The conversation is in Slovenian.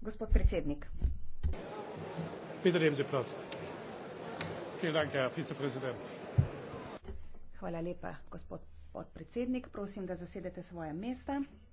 Gospod predsednik. Hvala lepa, gospod podpredsednik. Prosim, da zasedete svoje mesta.